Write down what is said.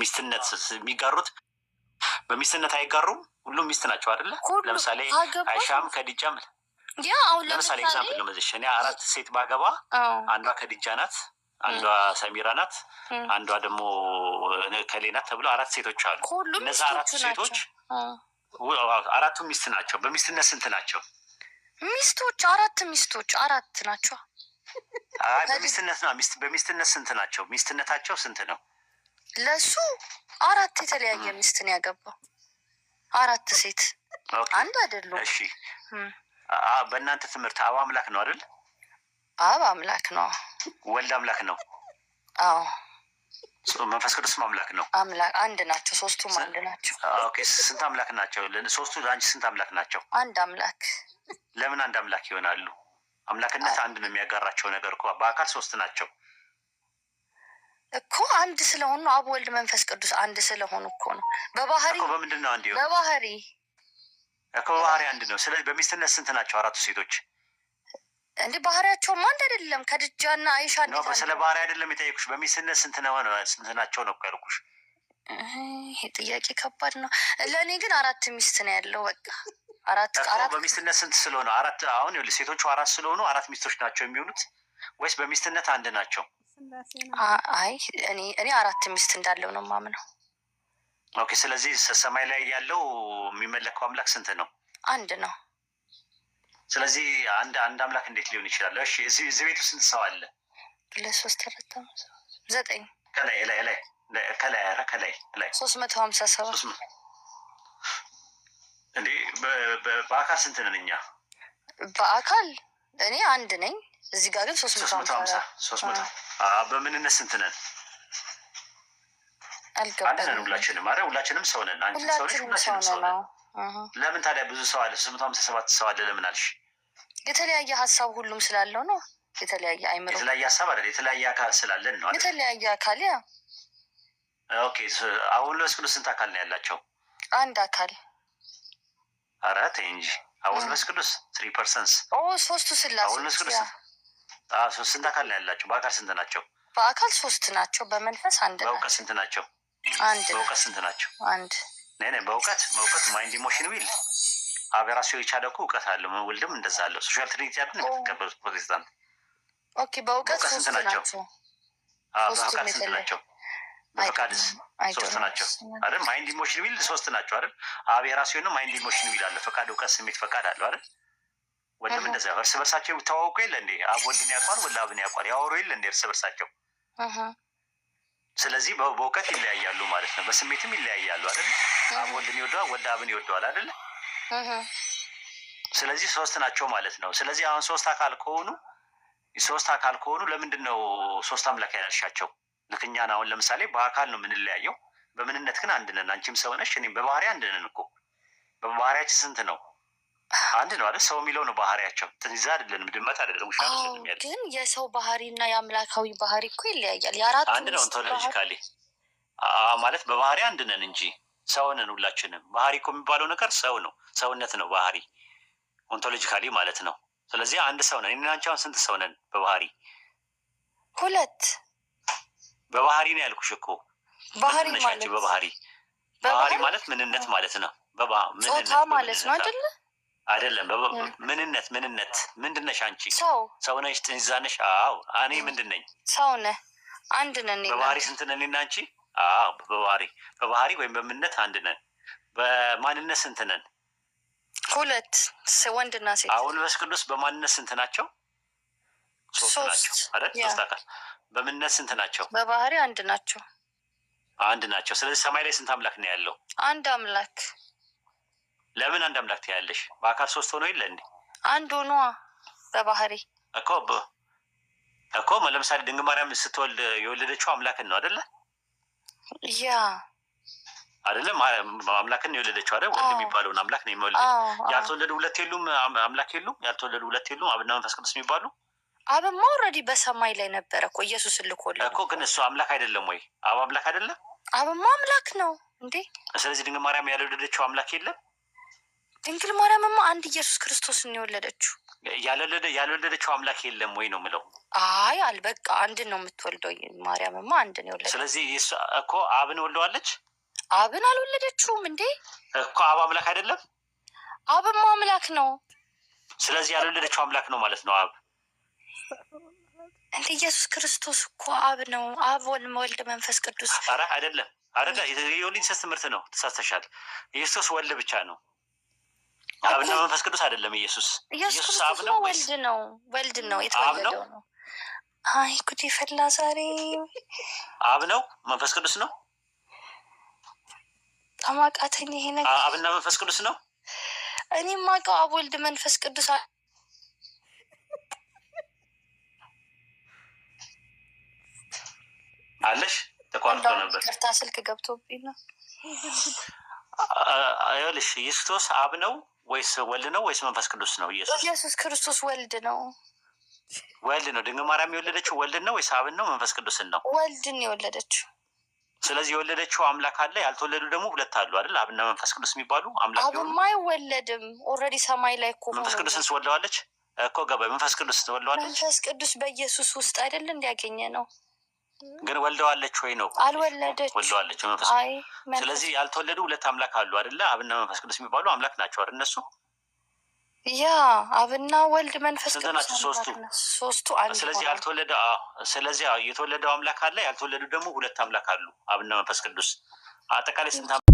ሚስትነት የሚጋሩት በሚስትነት አይጋሩም። ሁሉም ሚስት ናቸው አይደለ? ለምሳሌ አይሻም ከድጃም ለምሳሌ ኤግዛምፕል ነው መዘሽ እኔ አራት ሴት ባገባ አንዷ ከድጃ ናት፣ አንዷ ሰሚራ ናት፣ አንዷ ደግሞ ከሌ ናት ተብሎ አራት ሴቶች አሉ። እነዚ አራት ሴቶች አራቱ ሚስት ናቸው። በሚስትነት ስንት ናቸው? ሚስቶች አራት ሚስቶች አራት ናቸው። በሚስትነት ነው። በሚስትነት ስንት ናቸው? ሚስትነታቸው ስንት ነው? ለሱ አራት የተለያየ ነው ያገባው አራት ሴት አንድ አይደሉም። እሺ በእናንተ ትምህርት አብ አምላክ ነው አይደል? አብ አምላክ ነው፣ ወልድ አምላክ ነው። አዎ መንፈስ ቅዱስም አምላክ ነው። አንድ ናቸው፣ ሶስቱም አንድ ናቸው። ስንት አምላክ ናቸው? ሶስቱ ለአንቺ ስንት አምላክ ናቸው? አንድ አምላክ። ለምን አንድ አምላክ ይሆናሉ? አምላክነት አንድ ነው የሚያጋራቸው ነገር እኮ በአካል ሶስት ናቸው። እኮ አንድ ስለሆኑ ነው። አብ ወልድ መንፈስ ቅዱስ አንድ ስለሆኑ እኮ ነው። በባህሪ በምንድን ነው አንድ በባህሪ እኮ በባህሪ አንድ ነው። ስለዚህ በሚስትነት ስንት ናቸው? አራቱ ሴቶች እንዲህ ባህሪያቸውም አንድ አይደለም። ከድጃና አይሻ ስለ ባህሪ አይደለም የጠየኩሽ። በሚስትነት ስንት ነው ስንት ናቸው ነው ያልኩሽ። ይሄ ጥያቄ ከባድ ነው። ለእኔ ግን አራት ሚስት ነው ያለው። በቃ አራት አራት በሚስትነት ስንት ስለሆነ አራት አሁን ሴቶቹ አራት ስለሆኑ አራት ሚስቶች ናቸው የሚሆኑት ወይስ በሚስትነት አንድ ናቸው? አይ እኔ እኔ አራት ሚስት እንዳለው ነው ማምነው። ኦኬ። ስለዚህ ሰማይ ላይ ያለው የሚመለከው አምላክ ስንት ነው? አንድ ነው። ስለዚህ አንድ አንድ አምላክ እንዴት ሊሆን ይችላል? እሺ፣ እዚህ ቤቱ ስንት ሰው አለ? ለሶስት ሶስት ዘጠኝ ከላይ ላይ ላይ ከላይ ኧረ ከላይ ላይ ሶስት መቶ ሀምሳ ሰባት እንዴ! በአካል ስንት ነን እኛ? በአካል እኔ አንድ ነኝ። እዚህ ጋር ግን ሶስት መቶ ሀምሳ ሶስት መቶ በምንነት ስንት ነን? አንድ ሁላችንም አ ሁላችንም ሰው ነን። አንቺ ሰው ነሽ፣ ሁላችንም ሰው ነን። ለምን ታዲያ ብዙ ሰው አለ? ሶስት መቶ ሀምሳ ሰባት ሰው አለ። ለምን አልሽ? የተለያየ ሀሳብ ሁሉም ስላለው ነው። የተለያየ አይምሮ የተለያየ ሀሳብ አለ። የተለያየ አካል ስላለን ነው። የተለያየ አካል ያ ኦኬ። አሁን ለስ ቅዱስ ስንት አካል ነው ያላቸው? አንድ አካል አራት እንጂ አሁን ለስ ቅዱስ ትሪ ፐርሰንስ ሶስቱ ስላሴ ስንት አካል ነው ያላቸው? በአካል ስንት ናቸው? በአካል ሶስት ናቸው። በመንፈስ አንድ በእውቀት ስንት ናቸው? አንድ። በእውቀት ስንት ናቸው? አንድ። ነ በእውቀት በእውቀት ማይንድ ኢሞሽን ዊል ሀገራሱ የቻለ እኮ እውቀት አለው። ወልድም እንደዛ አለው። ሶሻል ትሪኒቲ ያለ የሚቀበሉት ፕሮቴስታንት ኦኬ። በእውቀት ስንት ናቸው? በአካል ስንት ናቸው? በፈቃድስ ሶስት ናቸው አይደል? ማይንድ ኢሞሽን ዊል ሶስት ናቸው አይደል? አብ የራሱ የሆነ ማይንድ ኢሞሽን ዊል አለ። ፈቃድ፣ እውቀት፣ ስሜት ፈቃድ አለው አይደል? ወንድም እንደዛ እርስ በርሳቸው ይተዋወቁ የለ እንዴ? አብ ወልድን ያውቋል፣ ወልድ አብን ያውቋል። ያወሩ የለ እንዴ እርስ በርሳቸው። ስለዚህ በእውቀት ይለያያሉ ማለት ነው። በስሜትም ይለያያሉ አይደለ? አብ ወልድን ይወደዋል፣ ወልድ አብን ይወደዋል አይደለ? ስለዚህ ሶስት ናቸው ማለት ነው። ስለዚህ አሁን ሶስት አካል ከሆኑ ሶስት አካል ከሆኑ ለምንድን ነው ሶስት አምላክ ያላልሻቸው? ልክ እኛን አሁን ለምሳሌ በአካል ነው የምንለያየው፣ በምንነት ግን አንድ ነን። አንቺም ሰው ነሽ፣ እኔም በባህሪ አንድ ነን እኮ። በባህሪያችን ስንት ነው አንድ ነው አይደል? ሰው የሚለው ነው ባህሪያቸው። ትንዛ አይደለንም፣ ድመት አይደለም፣ ውሻ አይደለም። ግን የሰው ባህሪ እና የአምላካዊ ባህሪ እኮ ይለያያል። የአራት አንድ ነው ኦንቶሎጂካሊ ማለት በባህሪ አንድ ነን እንጂ ሰው ነን ሁላችንም። ባህሪ እኮ የሚባለው ነገር ሰው ነው፣ ሰውነት ነው ባህሪ ኦንቶሎጂካሊ ማለት ነው። ስለዚህ አንድ ሰው ነን። እኔና አንቺ አሁን ስንት ሰው ነን በባህሪ? ሁለት በባህሪ ነው ያልኩሽ እኮ ባህሪ ማለት በባህሪ ማለት ምንነት ማለት ነው። በባ ምንነት ማለት ነው አይደለ አይደለም ምንነት ምንነት ምንድነሽ አንቺ ሰው ሰውነሽ ትንዛነሽ አዎ እኔ ምንድን ነኝ ሰው ነህ አንድ ነን በባህሪ ስንት ነን እኔና አንቺ አዎ በባህሪ በባህሪ ወይም በምንነት አንድ ነን በማንነት ስንት ነን ሁለት ወንድና ሴት አሁን መንፈስ ቅዱስ በማንነት ስንት ናቸው ሶስት ናቸው አይደል አካል በምንነት ስንት ናቸው በባህሪ አንድ ናቸው አንድ ናቸው ስለዚህ ሰማይ ላይ ስንት አምላክ ነው ያለው አንድ አምላክ ለምን አንድ አምላክ ትያለሽ? በአካል ሶስት ሆኖ የለ እንዴ? አንድ ሆኖ በባህሪ እኮ እኮ ለምሳሌ ድንግል ማርያም ስትወልድ የወለደችው አምላክን ነው አደለ? ያ አደለም? አምላክን የወለደችው አደ ወልድ የሚባለውን አምላክ ነው የሚወልድ። ያልተወለዱ ሁለት የሉም፣ አምላክ የሉም። ያልተወለዱ ሁለት የሉም፣ አብና መንፈስ ቅዱስ የሚባሉ አብማ ኦልሬዲ በሰማይ ላይ ነበረ እኮ ኢየሱስ ልኮል እኮ። ግን እሱ አምላክ አይደለም ወይ? አብ አምላክ አይደለም? አብማ አምላክ ነው እንዴ? ስለዚህ ድንግል ማርያም ያልወለደችው አምላክ የለም ድንግል ማርያምማ አንድ ኢየሱስ ክርስቶስን የወለደችው ያልወለደችው አምላክ የለም ወይ ነው ምለው። አይ አልበቃ አንድን ነው የምትወልደው ማርያምማ ነው የወለደ። ስለዚህ እኮ አብን ወልደዋለች። አብን አልወለደችውም እንዴ እኮ አብ አምላክ አይደለም። አብማ አምላክ ነው። ስለዚህ ያልወለደችው አምላክ ነው ማለት ነው አብ እንደ ኢየሱስ ክርስቶስ እኮ አብ ነው። አብ ወልድ፣ መንፈስ ቅዱስ። አይደለም፣ አይደለ የዮኒንሰስ ትምህርት ነው። ተሳስተሻል። ኢየሱስ ወልድ ብቻ ነው። አብና መንፈስ ቅዱስ አይደለም። ኢየሱስ ኢየሱስ አብ ነው፣ ወልድ ነው፣ ወልድ ነው፣ የተወለደው ነው። አይ ጉድ ፈላ ዛሬ። አብ ነው፣ መንፈስ ቅዱስ ነው። ተማቃተኝ ይሄ ነገር። አብና መንፈስ ቅዱስ ነው። እኔ ማቀው አብ፣ ወልድ፣ መንፈስ ቅዱስ አለሽ። ተቋርጦ ነበር። ቅርታ ስልክ ገብቶብኝ ነው። ይኸውልሽ ኢየሱስ አብ ነው ወይስ ወልድ ነው ወይስ መንፈስ ቅዱስ ነው? ኢየሱስ ኢየሱስ ክርስቶስ ወልድ ነው። ወልድ ነው። ድንግል ማርያም የወለደችው ወልድን ነው ወይስ አብን ነው መንፈስ ቅዱስን ነው? ወልድን የወለደችው። ስለዚህ የወለደችው አምላክ አለ። ያልተወለዱ ደግሞ ሁለት አሉ አይደል? አብና መንፈስ ቅዱስ የሚባሉ አምላክ። አብማ አይወለድም። ኦልሬዲ ሰማይ ላይ እኮ መንፈስ ቅዱስን ስወልደዋለች እኮ ገባ። መንፈስ ቅዱስ ትወልደዋለች። መንፈስ ቅዱስ በኢየሱስ ውስጥ አይደል እንዲያገኘ ነው ግን ወልደዋለች ወይ ነው? አልወለደች። ወልደዋለች መንፈስ። ስለዚህ ያልተወለዱ ሁለት አምላክ አሉ አይደለ? አብና መንፈስ ቅዱስ የሚባሉ አምላክ ናቸው አይደል? እነሱ ያ አብና ወልድ መንፈስ ቅዱስ ናቸው ሶስቱ ሶስቱ። ስለዚህ ያልተወለደ ስለዚህ የተወለደው አምላክ አለ፣ ያልተወለዱ ደግሞ ሁለት አምላክ አሉ፣ አብና መንፈስ ቅዱስ። አጠቃላይ ስንት